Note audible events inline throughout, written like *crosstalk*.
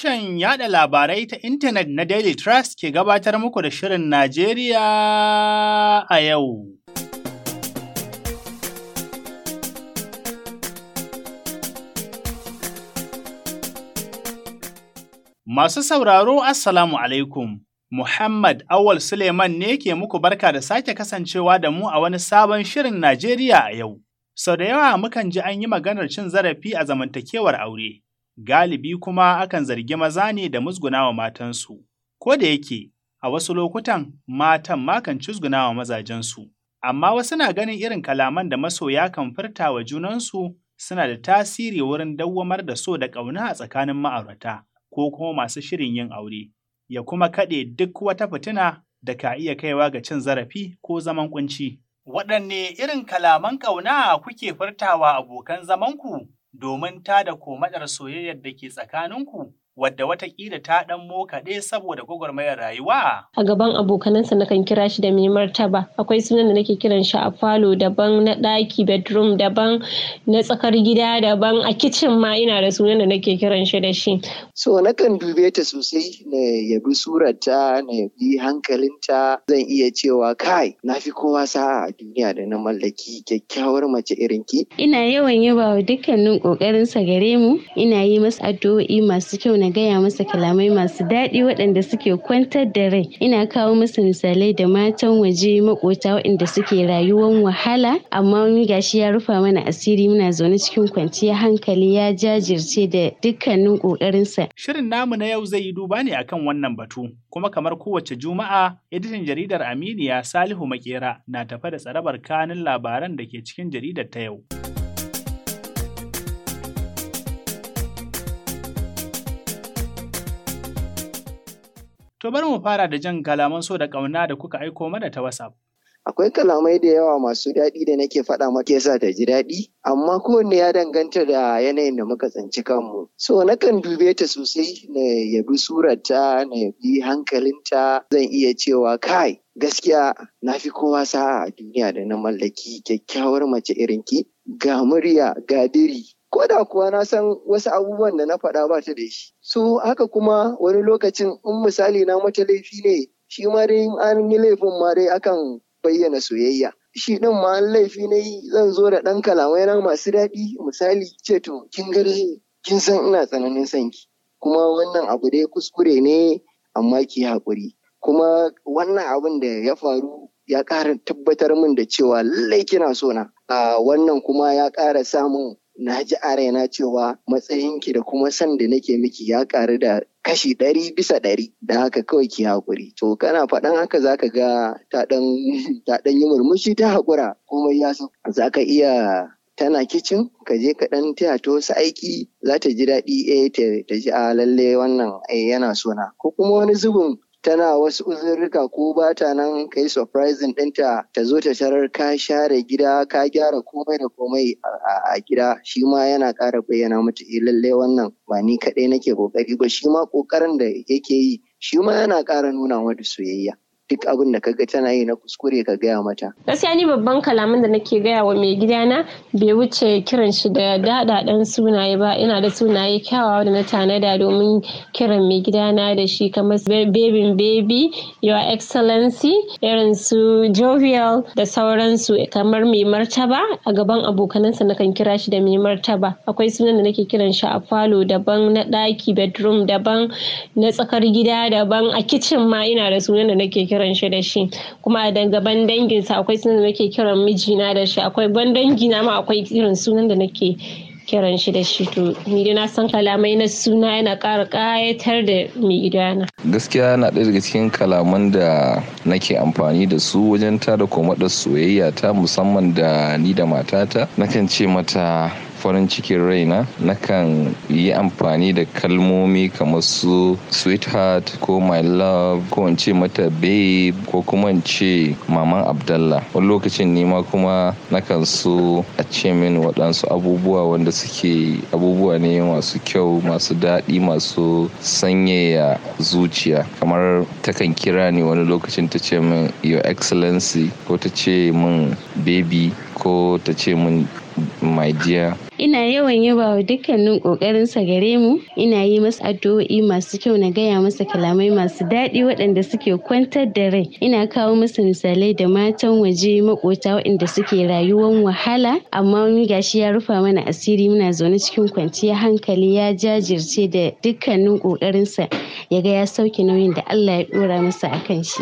Sashen yada labarai ta intanet na Daily Trust ke gabatar muku da Shirin Najeriya a yau. Masu sauraro Assalamu alaikum. Muhammad Awal Suleiman ne ke muku barka da sake kasancewa da mu a wani sabon Shirin Najeriya a yau. Sau da yawa mukan ji an yi maganar cin zarafi a zamantakewar aure. galibi kuma akan zargi maza ne da musgunawa matansu, ko da yake a wasu lokutan matan makan cizgunawa mazajensu, amma wasu na ganin irin kalaman da masoya kan furta wa junansu suna da tasiri wurin dawwamar da so da ƙauna a tsakanin ma'aurata ko kuma masu shirin yin aure, ya kuma kaɗe duk wata fitina da ka iya kaiwa ga cin zarafi ko zaman kunci. Waɗanne irin kalaman ƙauna kuke furtawa abokan zamanku? domin ta da komadar soyayyar da ke tsakaninku? wadda watakila ta moka ɗaya saboda gwagwarmayar rayuwa. A gaban abokanansa na kan kira shi da mai martaba. Akwai sunan da nake kiran shi a falo daban na ɗaki bedroom daban na tsakar gida daban a kicin ma ina da sunan da nake kiran shi da shi. So nakan dube ta sosai na yabi surata na yabi hankalinta zan iya cewa kai na fi kowa sa'a a duniya da na mallaki kyakkyawar mace irin ki. Ina yawan yabawa wa dukkanin ƙoƙarinsa gare mu ina yi masa addu'o'i masu kyau na gaya masa kalamai masu daɗi waɗanda suke kwantar da rai ina kawo masa misalai da matan waje makota waɗanda suke rayuwar wahala amma wani gashi ya rufa mana asiri muna zaune cikin kwanciyar hankali ya jajirce da dukkanin ƙoƙarinsa. Shirin namu na yau zai yi duba ne akan wannan batu kuma kamar kowace juma'a editan jaridar Aminiya Salihu Makera na tafa da tsarabar kanin labaran da ke cikin jaridar ta yau. To bari mu fara da jan kalaman so da ƙauna da kuka aiko mana ta WhatsApp. Akwai kalamai da yawa masu daɗi da nake faɗa maka yasa ta ji daɗi, amma kowanne ya danganta da yanayin da muka tsinci kanmu. So na kan dube ta sosai na yabi surarta, na yabi hankalinta, zan iya cewa kai gaskiya na fi kowa sa'a a duniya da na mallaki kyakkyawar mace irin ki, ga murya, ga diri, ko da kuwa na san wasu abubuwan da na faɗa ba ta da shi so haka kuma wani lokacin in misali na mata laifi ne shi ma dai an yi laifin ma dai akan bayyana soyayya shi ɗin ma an laifi ne zan zo da ɗan kalamai na masu daɗi misali ce to kin gari kin san ina tsananin sanki. ki kuma wannan abu dai kuskure ne amma ki haƙuri kuma wannan abin da ya faru ya ƙara tabbatar min da cewa lallai kina so na ah, wannan kuma ya ƙara samun na ji a raina cewa matsayinki da kuma san da nake miki ya karu da kashi ɗari bisa ɗari da haka kawai ki hakuri. to kana faɗan haka zaka ga ta ɗan yi murmushi ta hakura? komai ya so zaka iya tana kicin ka je ka ɗan taya ta wasu aiki za ta ji daɗi eh ta ji a ah, lalle wannan eh, yana sona ko kuma wani zubin tana wasu uzurruka ko ba ta nan kai surprising ɗinta ta zo ta tarar ka share gida ka gyara komai da komai a gida shi ma yana kara bayyana mata eh lallai wannan ba ni kaɗai nake ƙoƙari ba shi ma ƙoƙarin da yake yi shi ma yana ƙara nuna mata soyayya duk abin da kaga tana yi na kuskure ka gaya mata gaskiya ni babban kalamin da nake gaya wa mai gidana bai wuce kiran shi da daɗaɗen sunaye ba ina da sunaye kyawawa da na tanada domin kiran mai gidana da shi kamar babin baby your excellency irin su jovial da sauransu kamar mai martaba a gaban abokanansa nakan kira shi da mai martaba akwai sunan da nake kiran shi a falo daban na ɗaki bedroom daban na tsakar gida daban a kicin ma ina da sunan da nake kira kiran shi da shi kuma da gaban danginsa akwai sunan da nake kiran mijina da shi akwai ban na ma akwai irin sunan da nake kiran shi da shi to ni dai na san kalamai na suna yana ƙara ƙayatar da mai idana. Gaskiya na ɗaya daga cikin kalaman da nake amfani da su wajen tada komaɗar soyayya ta musamman da ni da matata nakan ce mata farin cikin raina nakan yi amfani da kalmomi kamar su sweetheart ko my love ko in ce mata babe ko kuma in ce maman abdallah wani lokacin nima kuma nakan so a ce min waɗansu abubuwa wanda suke abubuwa ne masu kyau masu daɗi masu sanyaya zuciya kamar takan kira ni wani lokacin ta ce min your excellency ko ta ce min baby ko ta ce min my dear ina yawan yaba wa dukkanin ƙoƙarinsa gare mu ina yi masa addu'o'i masu kyau na gaya masa kalamai masu daɗi waɗanda suke kwantar da rai ina kawo masa misalai da matan waje makota waɗanda suke rayuwar wahala amma wani gashi ya rufa mana asiri muna zaune cikin kwanciyar hankali ya jajirce da dukkanin ƙoƙarinsa ya ga ya sauke nauyin da Allah ya ɗora masa akan shi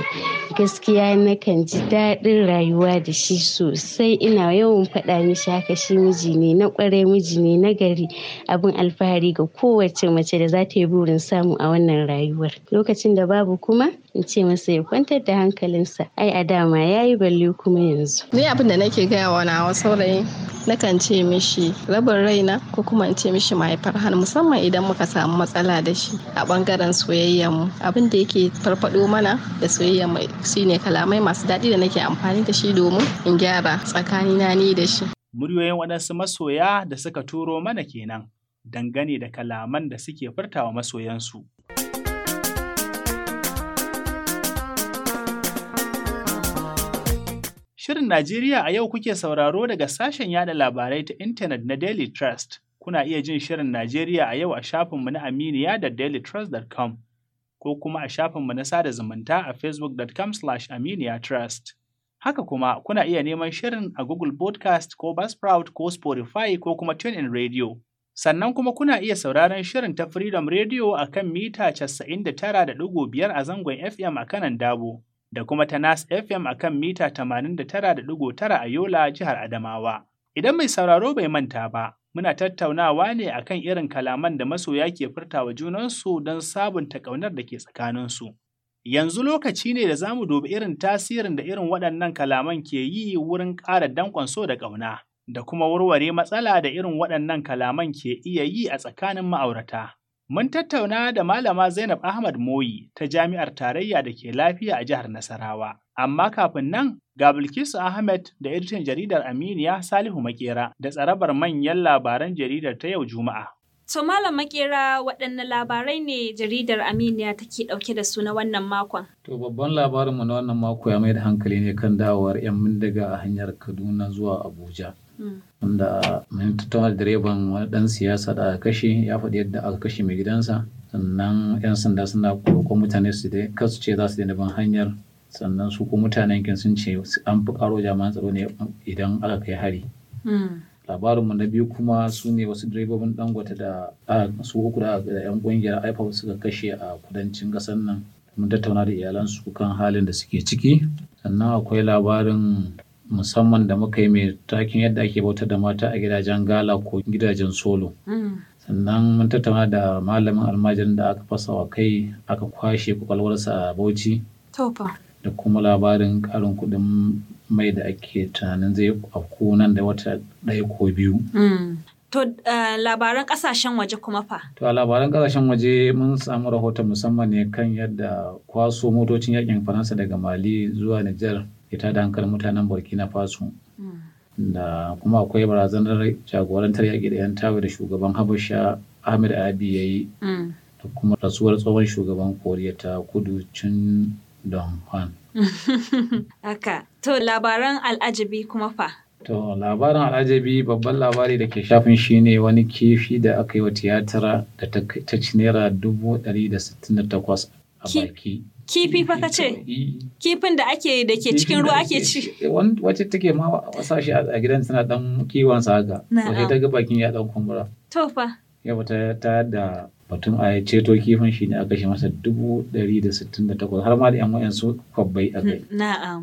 gaskiya nakan ji daɗin rayuwa da shi sosai ina yawan faɗa mishi haka shi miji ne na ƙwarai namiji ne nagari abin alfahari ga kowace mace da za ta yi burin samu a wannan rayuwar lokacin da babu kuma in ce masa ya kwantar da hankalinsa ai a dama ya yi balle kuma yanzu ni abin da nake gaya wa nawa saurayi nakan ce mishi rabin raina ko kuma in ce mishi mahaifar hannu musamman idan muka samu matsala da shi a ɓangaren soyayyar mu abin da yake farfaɗo mana da soyayya mai shine kalamai masu daɗi da nake amfani da shi domin in gyara tsakanina ni da shi muryoyin waɗansu masoya da suka turo mana kenan dangane da kalaman da suke furtawa masoyansu. Shirin Najeriya a yau kuke sauraro daga sashen yada labarai ta intanet na Daily Trust. Kuna iya jin Shirin Najeriya a yau a shafinmu na Aminiya da dailytrust.com ko kuma a shafinmu na sada zumunta a facebook.com/aminiya trust. Haka kuma kuna iya neman shirin a Google Podcast ko Buzzsprout ko Spotify ko kuma TuneIn Radio. Sannan kuma kuna iya sauraron shirin ta Freedom Radio a kan mita 99.5 a zangon FM a kanan Dabo, da kuma ta Nas FM a kan mita 89.9 a Yola, jihar Adamawa. Idan mai sauraro bai manta ba, muna tattaunawa ne akan irin kalaman da masoya ke furtawa junansu don sabunta ƙaunar da ke tsakaninsu. Yanzu lokaci ne da za mu dubi irin tasirin da irin waɗannan kalaman ke yi wurin ƙara danƙon so da ƙauna, da kuma warware matsala da irin waɗannan kalaman ke iya yi a tsakanin ma'aurata. Mun tattauna da Malama Zainab Ahmad Moyi ta Jami'ar Tarayya da ke lafiya a jihar Nasarawa. Amma kafin nan, ga Bilkisu Ahmed da editan jaridar Aminiya Salihu Makera da tsarabar manyan labaran jaridar ta yau Juma'a. To Malam Makera waɗanne labarai ne jaridar Aminiya take ɗauke da su na wannan makon? To babban labarinmu na wannan mako ya mai da hankali ne kan dawowar 'yan bindiga a hanyar Kaduna zuwa Abuja. Hmm. Wanda mun tattauna direban wani ɗan siyasa da kashe ya faɗi yadda aka kashe mai gidansa. Sannan 'yan sanda suna roƙon mutane su dai kasu ce za su daina ban hanyar sannan su ko mutanen sun ce an fi ƙaro jama'an tsaro ne idan aka kai hari. Hmm. labarinmu na biyu kuma su ne wasu direbobin dangote da su uku da yan kungiyar ipob suka kashe a kudancin kasar nan mun tattauna da iyalansu kan halin da suke ciki sannan akwai labarin musamman da muka yi mai takin yadda ake bautar da mata a gidajen gala ko gidajen solo mm. sannan mun tattauna da malamin almajirin da aka fasa wa kai aka kwashe kwakwalwarsa a bauchi da kuma labarin karin kudin mai da ake tunanin zai afku nan da wata ɗaya ko biyu. Mm. To eh, labaran ƙasashen waje kuma fa? To a labaran kasashen waje mun samu rahoton musamman ne kan yadda kwaso motocin yakin Faransa daga Mali zuwa Nijar ita da hankalin mutanen Burkina Faso. Mm. Da kuma akwai barazanar jagorantar yaƙi da 'yan da shugaban Habasha Ahmed Abi ya yi. Mm. Da kuma rasuwar tsohon shugaban Koriya ta kudu Chin dong *laughs* Haka, to labaran al'ajabi kuma fa. To labaran al'ajabi babban labari da ke shafin shi ne wani kifi da aka yi wa tiyatara da ta ci naira dubu ɗari da sittin da takwas a baki. Kifi fa ka ce? Kifin da ake da ke cikin ruwa ake ci. Eh, wacce take ma wasa shi a gidan tana ɗan kiwon sa haka. Wacce ta ga bakin ya ɗan kumbura. To fa. Yau ta da batun a ceto kifin shi ne a kashe masa dubu ɗari da sittin da takwas har ma da yan wa'yansu kwabbai a kai. Hmm, na'am.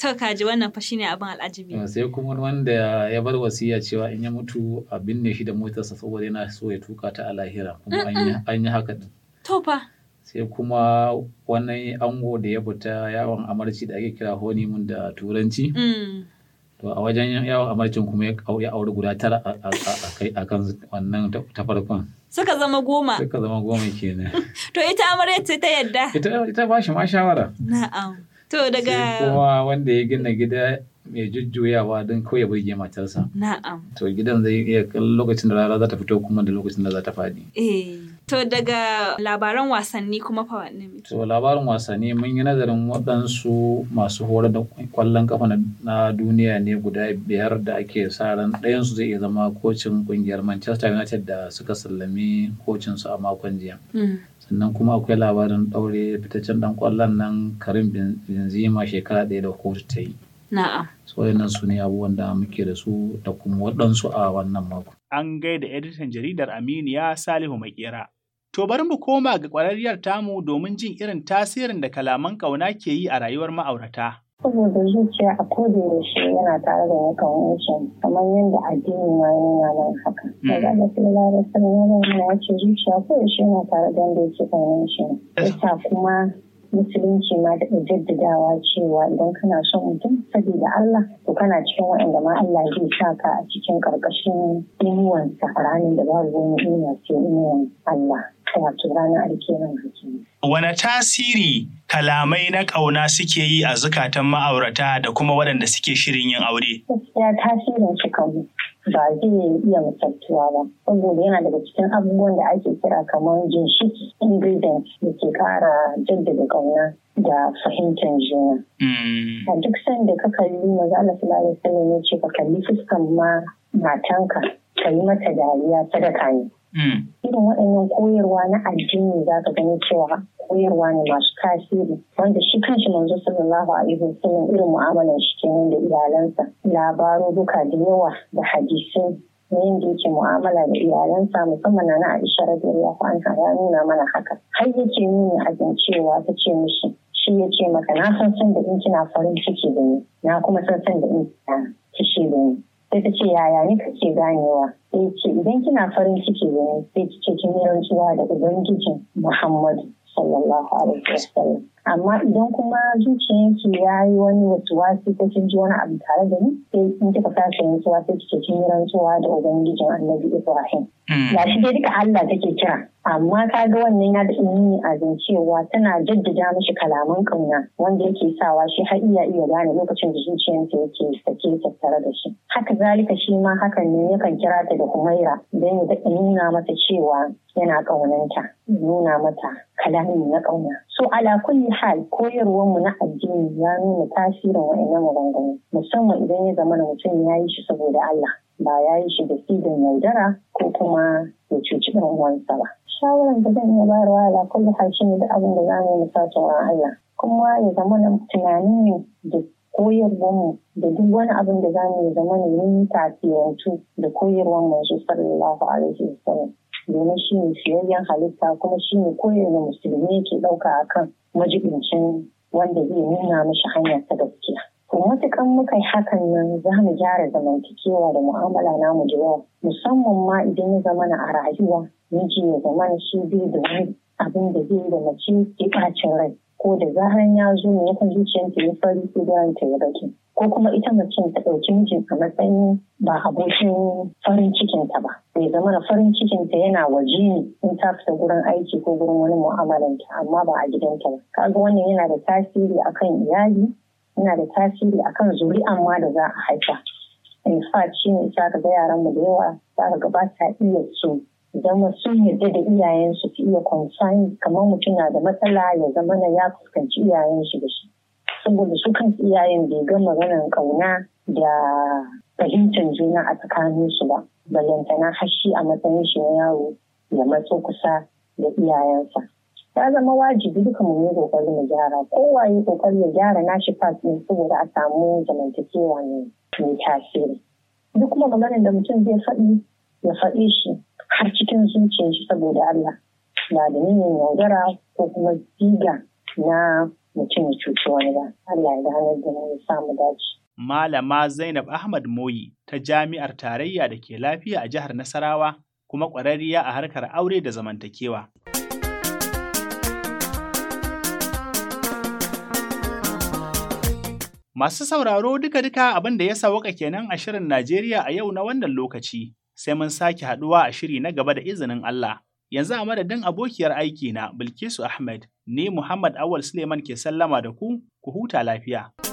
To kaji wannan fa shine abin al'ajibi. Eh, sai kuma wanda ya bar wasiya cewa in ya mutu a binne shi da motarsa saboda yana so ya tuka ta a lahira kuma an yi haka To fa. Sai kuma wani ango da ya fita yawon amarci da ake kira honeymoon da turanci. Mm. To a wajen yawon amarcin kuma ya aure guda tara a kan wannan ta farkon. Suka zama goma. Suka zama goma kenan. *laughs* to ita amarya ce ta yadda. Ita ita ba shi ma shawara. Na'am. To daga. kuma wanda ya gina gida mai jujjuyawa don kawai burge matarsa. Na'am. To gidan zai iya lokacin da rana za ta fito kuma da lokacin da za ta faɗi. Eh. To daga labaran wasanni kuma fa wanne To labarin wasanni mun yi nazarin waɗansu masu horar da ƙwallon kafa na duniya ne guda biyar da ake sa ran ɗayansu zai iya zama kocin ƙungiyar Manchester United da suka sallami su a makon jiya. Hmm. sannan kuma akwai labarin ɗaure fitaccen ɗan ƙwallon nan karim benzema shekara ɗaya da kotu ta yi na'am so su ne abubuwan da muke da su da kuma waɗansu a wannan mako an gaida editan jaridar Aminiya Salihu Makera. To bari mu koma ga kwararriyar tamu domin jin irin tasirin da kalaman ƙauna ke yi a rayuwar ma'aurata. Saboda zuciya a koda shi yana tare da yakan wancan kamar yadda addini ma yana nan haka. Daga hmm. da filila da sanar yana ce zuciya ko shi yana tare da yadda yake wancan. Ita kuma musulunci ma da jaddadawa cewa idan kana son mutum saboda Allah to kana cikin waɗanda ma Allah zai sa ka a cikin ƙarƙashin inuwansa ranar da babu wani inuwa ce inuwan Allah wato ranar alkenan jiki Wane tasiri kalamai na ƙauna suke yi a zukatan ma'aurata da kuma waɗanda suke shirin yin aure? Ya tasirin su kan ba zai iya misaltuwa ba saboda yana daga cikin abubuwan da ake kira kamar ginshiki ingredient da ke kara jaddada ƙauna da fahimtar juna. Mm. A duk sanda ka kalli maza Allah sallallahu alaihi ne ce ka kalli fuskan ma matanka ka yi mata dariya sadaka ne. Mm. Irin waɗannan koyarwa na addini za ka gani cewa koyarwa ne masu tasiri wanda shi kanshi manzo sallallahu alaihi wasallam irin mu'amalar shi kenan da iyalansa duka da yawa da hadisai na yin yake mu'amala da iyalansa musamman na Aisha radiyallahu anha ya nuna mana haka har yake nuna azin cewa ta ce mishi shi ya ce maka na san san da in kina farin ciki da ni na kuma san san da in kina kishi da ni sai ta ce yaya ne kake ganewa sai ce idan kina farin ciki ne sai ki ce kin yi rantsuwa da ubangijin muhammadu sallallahu alaihi wasallam amma idan kuma zuciyarki ya yi wani wasu wasi ko kin wani abu tare da ni sai in kika sake rantsuwa sai kike cin yi rantsuwa da ubangijin annabi ibrahim hmm. ga shi dai duka allah take kira amma ka ga wannan ya da nuni a cewa tana jaddada mishi kalaman ƙauna. wanda yake sawa shi har iya iya gane lokacin da zuciyarsa yake sake tattare da shi haka zalika shi ma hakan ne yakan kira ta da humaira don ya nuna mata cewa yana ƙaunanta nuna mata kalami na ƙauna So ala kulli hal koyarwar mu na addini ya nuna tasirin wa'annan maganganu musamman idan ya zama mutum ya yi shi saboda Allah ba ya yi shi da sidin yaudara ko kuma ya cuci ɗan uwansa ba. Shawaran da zan iya bayarwa ala kulli hal shine duk abin da zamu mu sa Allah kuma ya zama tunanin ne da mu da duk wani abin da mu yi zama ne mun tasirantu da koyarwar manzo sallallahu alaihi wasallam. domin shi ne siyayyen halitta kuma shi ne kowane musulmi ke ɗauka kan majibincin wanda zai nuna mashi hanyar ta gaskiya. To matukan muka yi hakan nan za mu gyara zamantakewa da mu'amala na mu jiwa musamman ma idan ya zama na a rayuwa miji ya zama shi bai da wani abin da zai da mace ke ɓacin rai. ko da zaran ya zo ne yakan ta ya fari ko ta ya baki ko kuma ita mace ta ɗauki mijin a matsayin ba abokin farin cikin ta ba bai zama da farin cikin ta yana waje ne in ta fita gurin aiki ko gurin wani mu'amalanta amma ba a gidanta ba kaga wannan yana da tasiri akan iyali yana da tasiri akan zuri'an ma da za a haifa in fa shi ne za ka ga yaran mu da yawa za ka ga ba ta iya so. idan sun yadda da iyayensu su iya consign kamar mutum na da matsala ya zama na ya fuskanci iyayen shi da shi saboda su kan iyayen bai ga maganar kauna da fahimtar juna a tsakanin su ba ballantana hashi a matsayin shi na yaro ya matso kusa da iyayensa ya zama wajibi duka mu yi kokari mu gyara kowa waye kokari ya gyara nashi fasin saboda a samu zamantakewa ne mai tasiri duk kuma maganar da mutum zai faɗi ya faɗi shi har cikin ce shi saboda Allah na da niyyar yaudara ko kuma siga na mutum ya cuci wani ba Allah ya hanyar da mu samu dace Malama Zainab Ahmad Moyi ta Jami'ar Tarayya da ke lafiya a jihar Nasarawa kuma ƙwararriya a harkar aure da zamantakewa. Masu sauraro duka-duka abin da ya sawaka kenan a shirin Najeriya a yau na wannan lokaci, sai mun sake haɗuwa a shiri na gaba da izinin Allah. Yanzu a madadin abokiyar aiki na Bilkisu Ahmed, ni Muhammad Awal Suleiman ke sallama da ku, ku huta lafiya.